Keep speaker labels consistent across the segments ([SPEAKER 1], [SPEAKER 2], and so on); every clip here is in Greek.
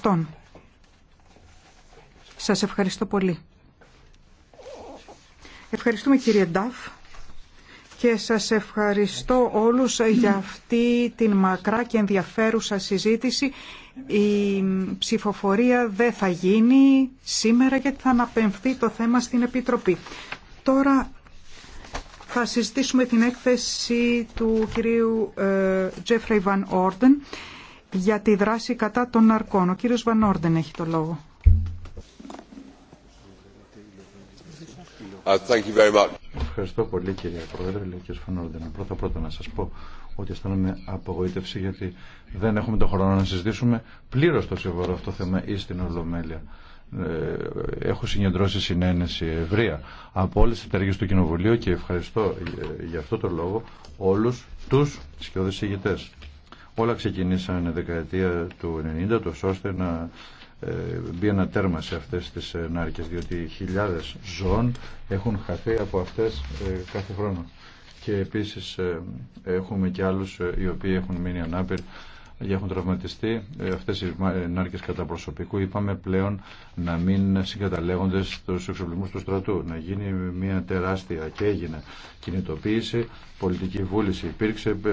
[SPEAKER 1] Σα Σας ευχαριστώ πολύ. Ευχαριστούμε κύριε Νταφ και σας ευχαριστώ όλους για αυτή την μακρά και ενδιαφέρουσα συζήτηση. Η ψηφοφορία δεν θα γίνει σήμερα γιατί θα αναπαιμφθεί το θέμα στην Επιτροπή. Τώρα θα συζητήσουμε την έκθεση του κυρίου ε, Τζέφρεϊ Βαν Όρντεν για τη δράση κατά των ναρκών. Ο κύριος Βανόρντεν έχει το λόγο.
[SPEAKER 2] Uh, ευχαριστώ πολύ κύριε Πρόεδρε, λέει κύριος Βανόρντεν. Πρώτα πρώτα να σας πω ότι αισθάνομαι απογοήτευση γιατί δεν έχουμε τον χρόνο να συζητήσουμε πλήρως το σύμβολο αυτό θέμα ή στην Ολομέλεια ε, έχω συγκεντρώσει συνένεση ευρεία από όλες τις εταιρείες του Κοινοβουλίου και ευχαριστώ ε, για αυτό το λόγο όλους τους σκιώδες ηγητές. Όλα ξεκινήσαν δεκαετία του 90 ώστε να ε, μπει ένα τέρμα σε αυτές τις ε, νάρκες διότι χιλιάδες ζώων έχουν χαθεί από αυτές ε, κάθε χρόνο και επίσης έχουμε και άλλους οι οποίοι έχουν μείνει ανάπηροι για έχουν τραυματιστεί ε, αυτές οι ε, νάρκες κατά προσωπικού είπαμε πλέον να μην συγκαταλέγονται στους εξοπλισμούς του στρατού να γίνει μια τεράστια και έγινε κινητοποίηση πολιτική βούληση υπήρξε ε,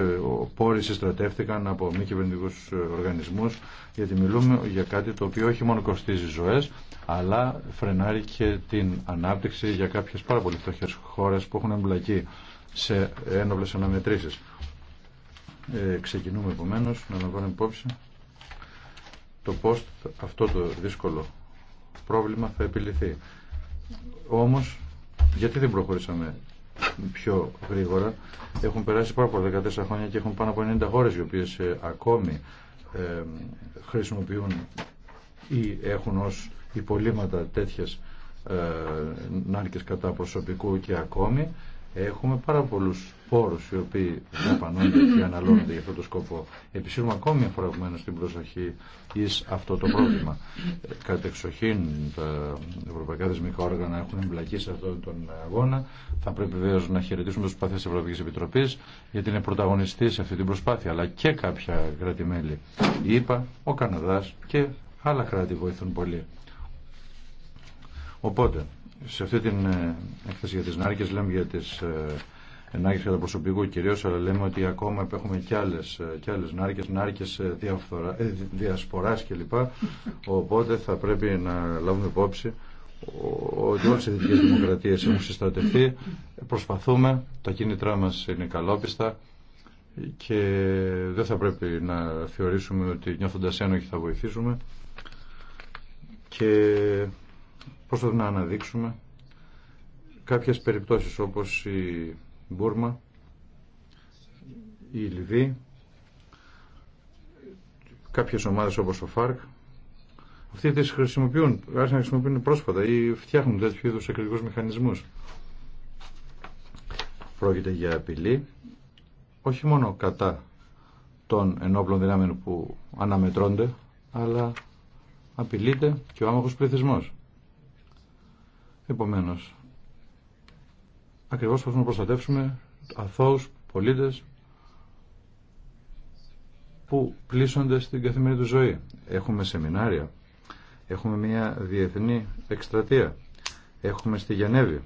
[SPEAKER 2] πόροι στρατεύτηκαν από μη κυβερνητικού οργανισμούς γιατί μιλούμε για κάτι το οποίο όχι μόνο κοστίζει ζωές αλλά φρενάρει και την ανάπτυξη για κάποιες πάρα πολύ φτωχές χώρες που έχουν εμπλακεί σε ένοπλες αναμετρήσεις. Ε, ξεκινούμε επομένω να λαμβάνουμε υπόψη το πω αυτό το δύσκολο πρόβλημα θα επιληθεί. Όμως, γιατί δεν προχωρήσαμε πιο γρήγορα. Έχουν περάσει πάρα πολλά 14 χρόνια και έχουν πάνω από 90 χώρε οι οποίες ε, ακόμη ε, χρησιμοποιούν ή έχουν ως υπολείμματα τέτοιες ε, νάρκες κατά προσωπικού και ακόμη Έχουμε πάρα πολλού πόρου οι οποίοι δαπανώνται και αναλώνονται για αυτόν τον σκοπό. Επισύρουμε ακόμη μια φορά την προσοχή ει αυτό το πρόβλημα. Κατ' εξοχήν τα ευρωπαϊκά δεσμικά όργανα έχουν εμπλακεί σε αυτόν τον αγώνα. Θα πρέπει βεβαίω να χαιρετήσουμε του παθέ τη Ευρωπαϊκή Επιτροπή γιατί είναι πρωταγωνιστή σε αυτή την προσπάθεια. Αλλά και κάποια κράτη-μέλη. Η ΕΠΑ, ο Καναδά και άλλα κράτη βοηθούν πολύ. Οπότε, σε αυτή την ε, έκθεση για τις νάρκες λέμε για τις ε, ενάγκες κατά προσωπικού κυρίως, αλλά λέμε ότι ακόμα έχουμε και άλλες, ε, και άλλες νάρκες, νάρκες διασποράς κλπ. Οπότε θα πρέπει να λάβουμε υπόψη ότι όλες οι δυτικές δημοκρατίες έχουν συστατευτεί. Προσπαθούμε, τα κίνητρά μας είναι καλόπιστα και δεν θα πρέπει να θεωρήσουμε ότι νιώθοντας ένοχοι θα βοηθήσουμε και Προσπαθούμε να αναδείξουμε κάποιες περιπτώσεις όπως η Μπούρμα, η Λιβύη, κάποιες ομάδες όπως ο ΦΑΡΚ. Αυτοί τις χρησιμοποιούν, άρχισαν να χρησιμοποιούν πρόσφατα ή φτιάχνουν τέτοιου είδους εκρητικούς μηχανισμούς. Πρόκειται για απειλή όχι μόνο κατά των ενόπλων δυνάμεων που αναμετρώνται, αλλά απειλείται και ο άμαχος πληθυσμός. Επομένως, ακριβώ προσπαθούμε να προστατεύσουμε αθώους πολίτες που πλήσονται στην καθημερινή του ζωή. Έχουμε σεμινάρια, έχουμε μια διεθνή εκστρατεία, έχουμε στη Γενέβη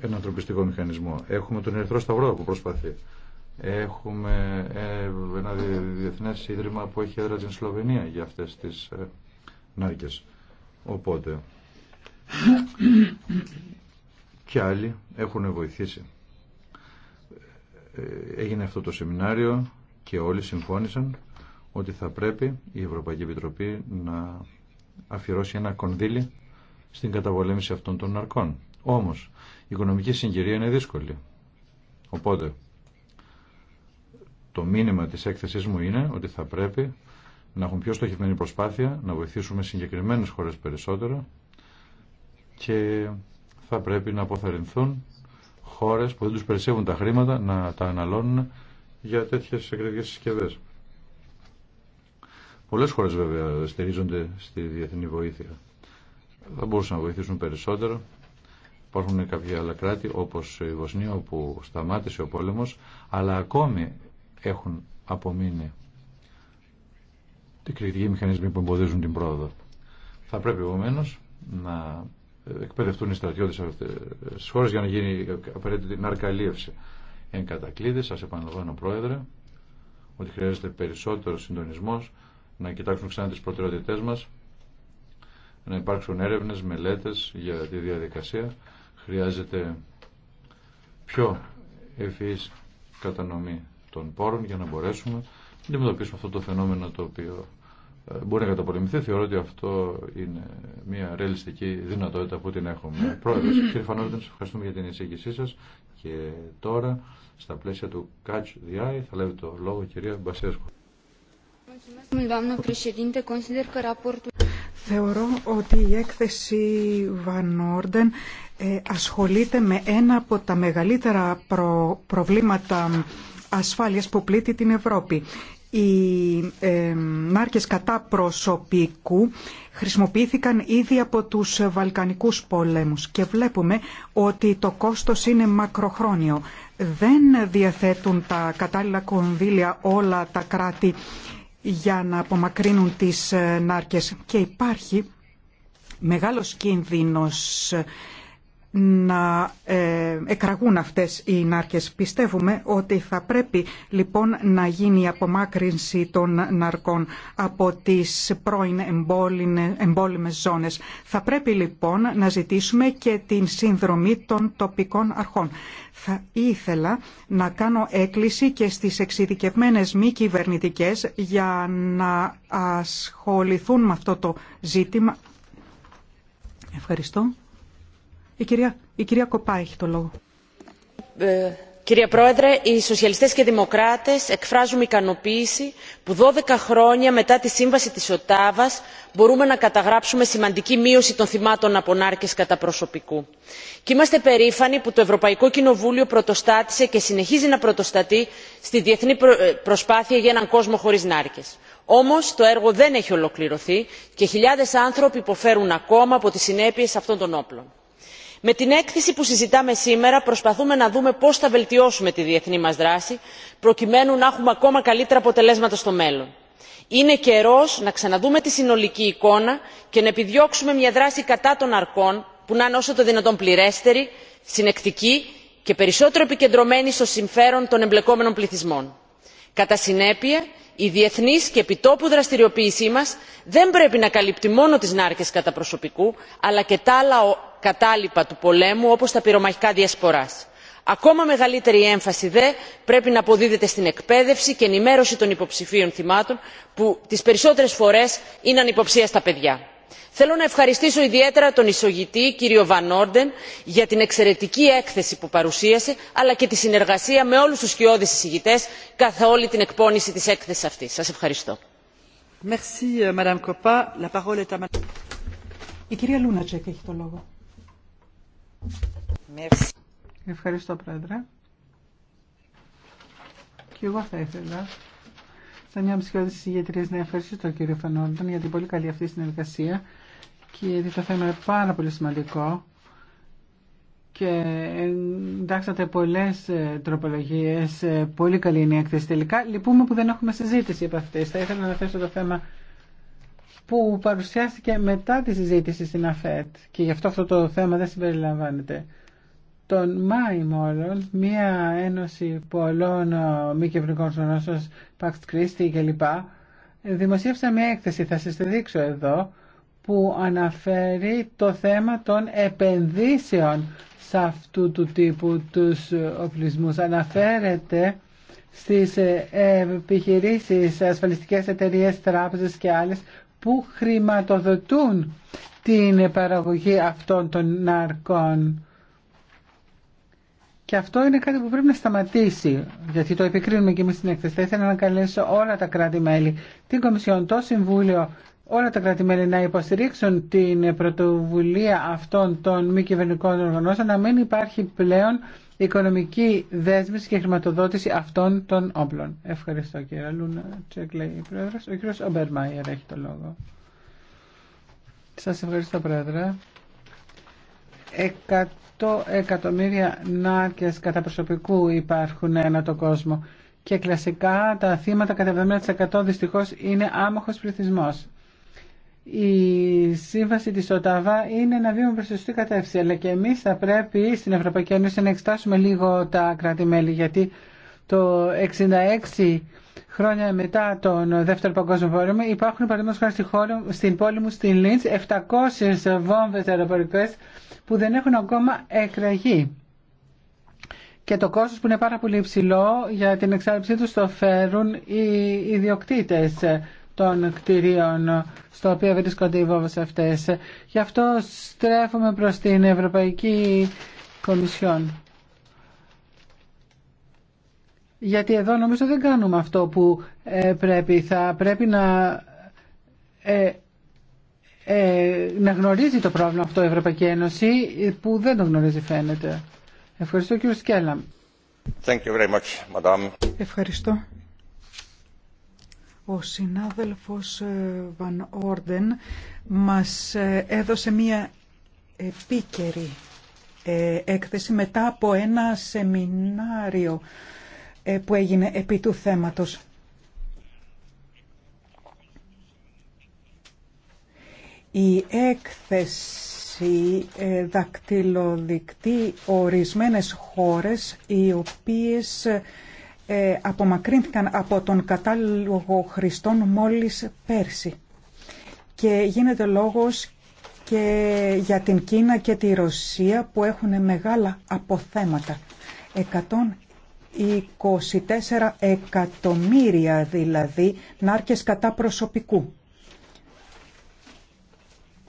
[SPEAKER 2] ένα ανθρωπιστικό μηχανισμό, έχουμε τον Ερυθρό Σταυρό που προσπαθεί, έχουμε ε, ένα διεθνές ίδρυμα που έχει έδρα την Σλοβενία για αυτές τις ε, νάρκες. Οπότε, και άλλοι έχουν βοηθήσει. Ε, έγινε αυτό το σεμινάριο και όλοι συμφώνησαν ότι θα πρέπει η Ευρωπαϊκή Επιτροπή να αφιερώσει ένα κονδύλι στην καταπολέμηση αυτών των ναρκών. Όμως, η οικονομική συγκυρία είναι δύσκολη. Οπότε, το μήνυμα της έκθεσής μου είναι ότι θα πρέπει να έχουν πιο στοχευμένη προσπάθεια, να βοηθήσουμε συγκεκριμένες χώρες περισσότερο και θα πρέπει να αποθαρρυνθούν χώρες που δεν τους περισσεύουν τα χρήματα να τα αναλώνουν για τέτοιες εκρηκτικές συσκευέ. Πολλές χώρες βέβαια στηρίζονται στη διεθνή βοήθεια. Θα μπορούσαν να βοηθήσουν περισσότερο. Υπάρχουν κάποια άλλα κράτη όπως η Βοσνία όπου σταμάτησε ο πόλεμος αλλά ακόμη έχουν απομείνει οι μηχανισμοί που εμποδίζουν την πρόοδο. Θα πρέπει επομένω να εκπαιδευτούν οι στρατιώτε στι χώρε για να γίνει απαραίτητη ναρκαλίευση. Εν κατακλείδη, σα επαναλαμβάνω πρόεδρε, ότι χρειάζεται περισσότερο συντονισμός, να κοιτάξουν ξανά τις προτεραιότητε μας, να υπάρξουν έρευνες, μελέτες για τη διαδικασία. Χρειάζεται πιο ευφυής κατανομή των πόρων για να μπορέσουμε να αντιμετωπίσουμε αυτό το φαινόμενο το οποίο μπορεί να καταπολεμηθεί. Θεωρώ ότι αυτό είναι μια ρεαλιστική δυνατότητα που την έχουμε. Πρόεδρος, κύριε Φανόρντεν, σα ευχαριστούμε για την εισήγησή σα. και τώρα στα πλαίσια του Catch the Eye θα λέω το λόγο η κυρία Μπασέσκου.
[SPEAKER 1] Θεωρώ ότι η έκθεση Van Orden ε, ασχολείται με ένα από τα μεγαλύτερα προβλήματα ασφάλειας που πλήττει την Ευρώπη οι ε, μάρκες κατά προσωπικού χρησιμοποιήθηκαν ήδη από τους Βαλκανικούς πολέμους και βλέπουμε ότι το κόστος είναι μακροχρόνιο. Δεν διαθέτουν τα κατάλληλα κονδύλια όλα τα κράτη για να απομακρύνουν τις ε, νάρκες και υπάρχει μεγάλος κίνδυνος να ε, εκραγούν αυτές οι νάρκες. Πιστεύουμε ότι θα πρέπει λοιπόν να γίνει η απομάκρυνση των ναρκών από τις πρώην εμπόλυμες ζώνες. Θα πρέπει λοιπόν να ζητήσουμε και την συνδρομή των τοπικών αρχών. Θα ήθελα να κάνω έκκληση και στις εξειδικευμένες μη κυβερνητικέ για να ασχοληθούν με αυτό το ζήτημα. Ευχαριστώ. Η κυρία, η Κοπά έχει το λόγο.
[SPEAKER 3] Ε, κυρία Πρόεδρε, οι σοσιαλιστές και δημοκράτες εκφράζουμε ικανοποίηση που 12 χρόνια μετά τη σύμβαση της Οτάβας μπορούμε να καταγράψουμε σημαντική μείωση των θυμάτων από νάρκες κατά προσωπικού. Και είμαστε περήφανοι που το Ευρωπαϊκό Κοινοβούλιο πρωτοστάτησε και συνεχίζει να πρωτοστατεί στη διεθνή ε, προσπάθεια για έναν κόσμο χωρίς νάρκες όμως το έργο δεν έχει ολοκληρωθεί και χιλιάδες άνθρωποι υποφέρουν ακόμα από τις συνέπειες αυτών των όπλων με την έκθεση που συζητάμε σήμερα προσπαθούμε να δούμε πώς θα βελτιώσουμε τη διεθνή μας δράση προκειμένου να έχουμε ακόμα καλύτερα αποτελέσματα στο μέλλον. είναι καιρός να ξαναδούμε τη συνολική εικόνα και να επιδιώξουμε μια δράση κατά των αρκών που να είναι όσο το δυνατόν πληρέστερη συνεκτική και περισσότερο επικεντρωμένη στο συμφέρον των εμπλεκόμενων πληθυσμών. κατά συνέπεια η διεθνή και επιτόπου δραστηριοποίησή μα δεν πρέπει να καλύπτει μόνο τι νάρκες κατά προσωπικού αλλά και τα άλλα κατάλοιπα του πολέμου όπως τα πυρομαχικά διασποράς. ακόμα μεγαλύτερη έμφαση δε πρέπει να αποδίδεται στην εκπαίδευση και ενημέρωση των υποψηφίων θυμάτων που τις περισσότερες φορές είναι ανυποψία στα παιδιά. θέλω να ευχαριστήσω ιδιαίτερα τον εισηγητή κύριο van orden για την εξαιρετική έκθεση που παρουσίασε αλλά και τη συνεργασία με όλους τους σκιώδεις εισηγητές καθ' όλη την εκπόνηση της έκθεσης αυτής. σας ευχαριστώ. Euh,
[SPEAKER 1] Η κυρία έχει το λόγο. Ευχαριστώ, Πρόεδρε.
[SPEAKER 4] Και εγώ θα ήθελα, σαν μια ψυχιώδη ηγετρίας, να ευχαριστήσω τον κύριο Φανόντον για την πολύ καλή αυτή συνεργασία και γιατί το θέμα είναι πάρα πολύ σημαντικό και εντάξατε πολλές ε, τροπολογίες, ε, πολύ καλή είναι η έκθεση τελικά. Λυπούμε που δεν έχουμε συζήτηση από αυτές. Θα ήθελα να θέσω το θέμα που παρουσιάστηκε μετά τη συζήτηση στην ΑΦΕΤ και γι' αυτό αυτό το θέμα δεν συμπεριλαμβάνεται. Τον Μάη μόλον, μία ένωση πολλών μη κυβερνικών οργανώσεων, Pax Christi κλπ. Δημοσίευσα μία έκθεση, θα σας τη δείξω εδώ, που αναφέρει το θέμα των επενδύσεων σε αυτού του τύπου τους οπλισμούς. Αναφέρεται στις ε, επιχειρήσεις, ασφαλιστικές εταιρείες, τράπεζες και άλλες που χρηματοδοτούν την παραγωγή αυτών των ναρκών. Και αυτό είναι κάτι που πρέπει να σταματήσει, γιατί το επικρίνουμε και εμείς στην εκθεσία. Θα ήθελα να καλέσω όλα τα κράτη-μέλη, την Κομισιόν, το Συμβούλιο, όλα τα κράτη-μέλη να υποστηρίξουν την πρωτοβουλία αυτών των μη κυβερνικών οργανώσεων, να μην υπάρχει πλέον οικονομική δέσμευση και χρηματοδότηση αυτών των όπλων. Ευχαριστώ κύριε Λούνα Τσέκλει. λέει η πρόεδρο. Ο κύριος Ομπερμάιερ έχει το λόγο. Σας ευχαριστώ Πρόεδρε. Εκατό εκατομμύρια νάρκε κατά προσωπικού υπάρχουν ένα το κόσμο και κλασικά τα θύματα κατά 70% δυστυχώς είναι άμοχος πληθυσμό η σύμβαση της ΟΤΑΒΑ είναι ένα βήμα προς τη σωστή κατεύθυνση αλλά και εμείς θα πρέπει στην Ευρωπαϊκή Ένωση να εξετάσουμε λίγο τα κράτη-μέλη γιατί το 66 χρόνια μετά τον Δεύτερο Παγκόσμιο Πόλεμο υπάρχουν παραδείγματος χάρη στην πόλη μου στην Λίντς 700 βόμβες αεροπορικές που δεν έχουν ακόμα εκραγεί και το κόστος που είναι πάρα πολύ υψηλό για την εξάρτησή τους το φέρουν οι ιδιοκτήτες των κτηρίων στο οποίο βρίσκονται οι βόβες αυτές. Γι' αυτό στρέφουμε προς την Ευρωπαϊκή Κομισιόν. Γιατί εδώ νομίζω δεν κάνουμε αυτό που ε, πρέπει. Θα πρέπει να, ε, ε, να γνωρίζει το πρόβλημα αυτό η Ευρωπαϊκή Ένωση που δεν το γνωρίζει φαίνεται. Ευχαριστώ κύριο Σκέλαμ.
[SPEAKER 2] Thank you very much,
[SPEAKER 1] Ευχαριστώ ο συνάδελφος ε, Βαν Όρντεν μας ε, έδωσε μία επίκαιρη ε, έκθεση μετά από ένα σεμινάριο που έγινε επί του θέματος. Η έκθεση δακτυλοδεικτεί ορισμένες χώρες οι οποίες ε, απομακρύνθηκαν από τον κατάλογο χριστών μόλις πέρσι. Και γίνεται λόγος και για την Κίνα και τη Ρωσία που έχουν μεγάλα αποθέματα. 124 εκατομμύρια δηλαδή νάρκες κατά προσωπικού.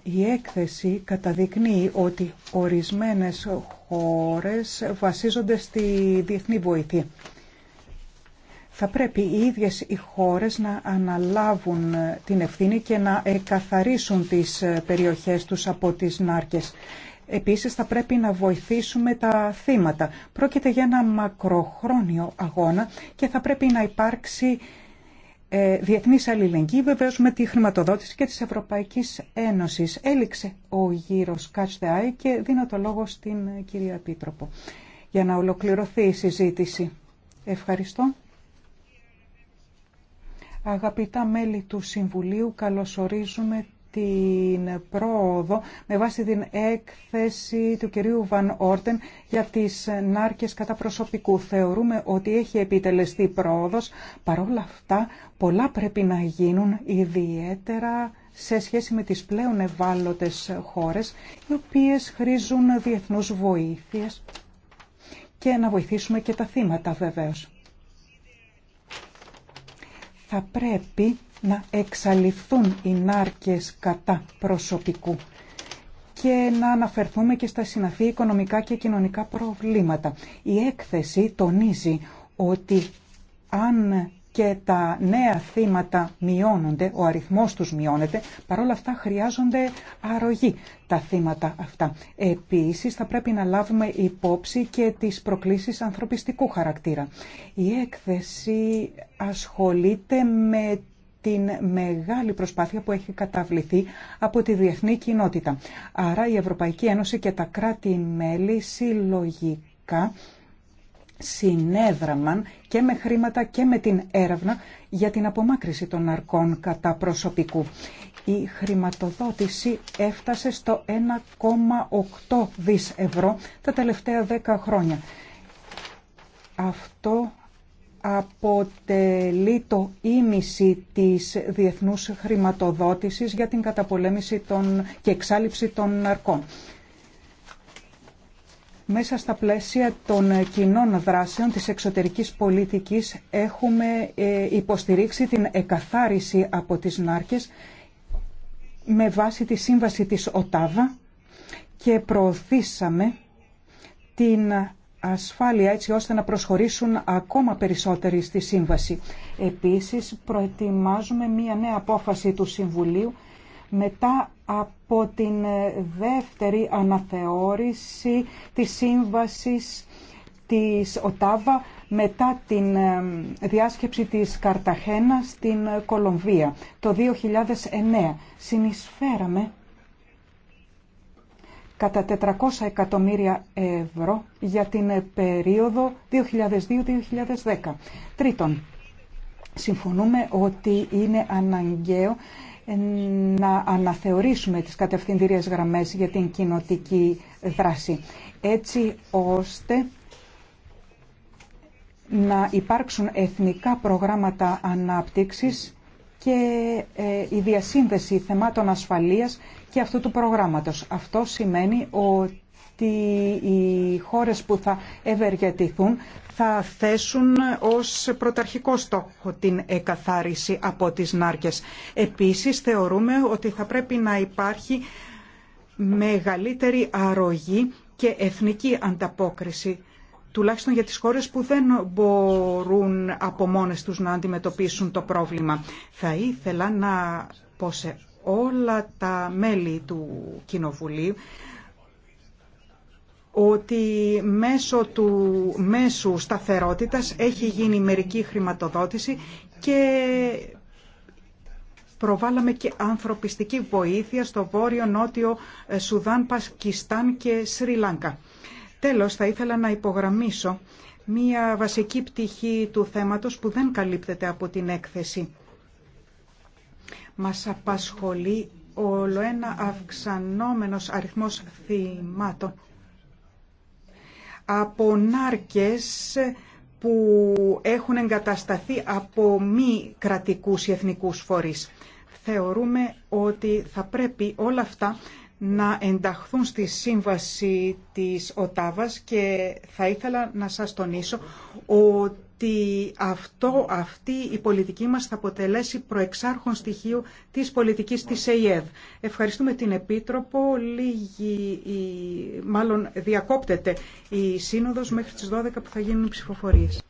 [SPEAKER 1] Η έκθεση καταδεικνύει ότι ορισμένες χώρες βασίζονται στη διεθνή βοήθεια. Θα πρέπει οι ίδιες οι χώρες να αναλάβουν ε, την ευθύνη και να εκαθαρίσουν τις ε, περιοχές τους από τις νάρκες. Επίσης θα πρέπει να βοηθήσουμε τα θύματα. Πρόκειται για ένα μακροχρόνιο αγώνα και θα πρέπει να υπάρξει ε, διεθνής αλληλεγγύη βεβαίως με τη χρηματοδότηση και της Ευρωπαϊκής Ένωσης. Έληξε ο γύρος Catch the και δίνω το λόγο στην ε, κυρία Επίτροπο για να ολοκληρωθεί η συζήτηση. Ευχαριστώ. Αγαπητά μέλη του Συμβουλίου, καλωσορίζουμε την πρόοδο με βάση την έκθεση του κυρίου Βαν Όρτεν για τις νάρκες κατά προσωπικού. Θεωρούμε ότι έχει επιτελεστεί πρόοδος. παρόλα αυτά, πολλά πρέπει να γίνουν ιδιαίτερα σε σχέση με τις πλέον ευάλωτες χώρες, οι οποίες χρήζουν διεθνούς βοήθειες και να βοηθήσουμε και τα θύματα βεβαίως θα πρέπει να εξαλειφθούν οι νάρκες κατά προσωπικού και να αναφερθούμε και στα συναφή οικονομικά και κοινωνικά προβλήματα. Η έκθεση τονίζει ότι αν και τα νέα θύματα μειώνονται, ο αριθμός τους μειώνεται, παρόλα αυτά χρειάζονται αρρωγή τα θύματα αυτά. Επίσης θα πρέπει να λάβουμε υπόψη και τις προκλήσεις ανθρωπιστικού χαρακτήρα. Η έκθεση ασχολείται με την μεγάλη προσπάθεια που έχει καταβληθεί από τη διεθνή κοινότητα. Άρα η Ευρωπαϊκή Ένωση και τα κράτη-μέλη συλλογικά συνέδραμαν και με χρήματα και με την έρευνα για την απομάκρυση των ναρκών κατά προσωπικού. Η χρηματοδότηση έφτασε στο 1,8 δις ευρώ τα τελευταία 10 χρόνια. Αυτό αποτελεί το ίμιση της διεθνούς χρηματοδότησης για την καταπολέμηση των και εξάλληψη των ναρκών. Μέσα στα πλαίσια των ε, κοινών δράσεων της εξωτερικής πολιτικής έχουμε ε, υποστηρίξει την εκαθάριση από τις νάρκες με βάση τη σύμβαση της ΟΤΑΒΑ και προωθήσαμε την ασφάλεια έτσι ώστε να προσχωρήσουν ακόμα περισσότεροι στη σύμβαση. Επίσης προετοιμάζουμε μία νέα απόφαση του Συμβουλίου μετά από την ε, δεύτερη αναθεώρηση της σύμβασης της ΟΤΑΒΑ μετά την ε, διάσκεψη της Καρταχένα στην ε, Κολομβία το 2009. Συνεισφέραμε κατά 400 εκατομμύρια ευρώ για την περίοδο 2002-2010. Τρίτον, συμφωνούμε ότι είναι αναγκαίο να αναθεωρήσουμε τις κατευθυντηρίες γραμμές για την κοινοτική δράση, έτσι ώστε να υπάρξουν εθνικά προγράμματα ανάπτυξης και ε, η διασύνδεση θεμάτων ασφαλείας και αυτού του προγράμματος. Αυτό σημαίνει ότι ότι οι χώρες που θα ευεργετηθούν θα θέσουν ως πρωταρχικό στόχο την εκαθάριση από τις νάρκες. Επίσης θεωρούμε ότι θα πρέπει να υπάρχει μεγαλύτερη αρρωγή και εθνική ανταπόκριση τουλάχιστον για τις χώρες που δεν μπορούν από μόνες τους να αντιμετωπίσουν το πρόβλημα. Θα ήθελα να πω σε όλα τα μέλη του Κοινοβουλίου ότι μέσω του μέσου σταθερότητας έχει γίνει μερική χρηματοδότηση και προβάλαμε και ανθρωπιστική βοήθεια στο βόρειο νότιο ε, Σουδάν, Πακιστάν και Σρι Λάνκα. Τέλος, θα ήθελα να υπογραμμίσω μία βασική πτυχή του θέματος που δεν καλύπτεται από την έκθεση. Μας απασχολεί όλο ένα αυξανόμενος αριθμός θυμάτων από νάρκες που έχουν εγκατασταθεί από μη κρατικούς ή εθνικούς φορείς. Θεωρούμε ότι θα πρέπει όλα αυτά να ενταχθούν στη σύμβαση της ΟΤΑΒΑΣ και θα ήθελα να σας τονίσω ότι αυτό, αυτή η πολιτική μας θα αποτελέσει προεξάρχον στοιχείο της πολιτικής της ΕΕ. Ευχαριστούμε την Επίτροπο. Λίγη, μάλλον διακόπτεται η Σύνοδος μέχρι τις 12 που θα γίνουν οι ψηφοφορίες.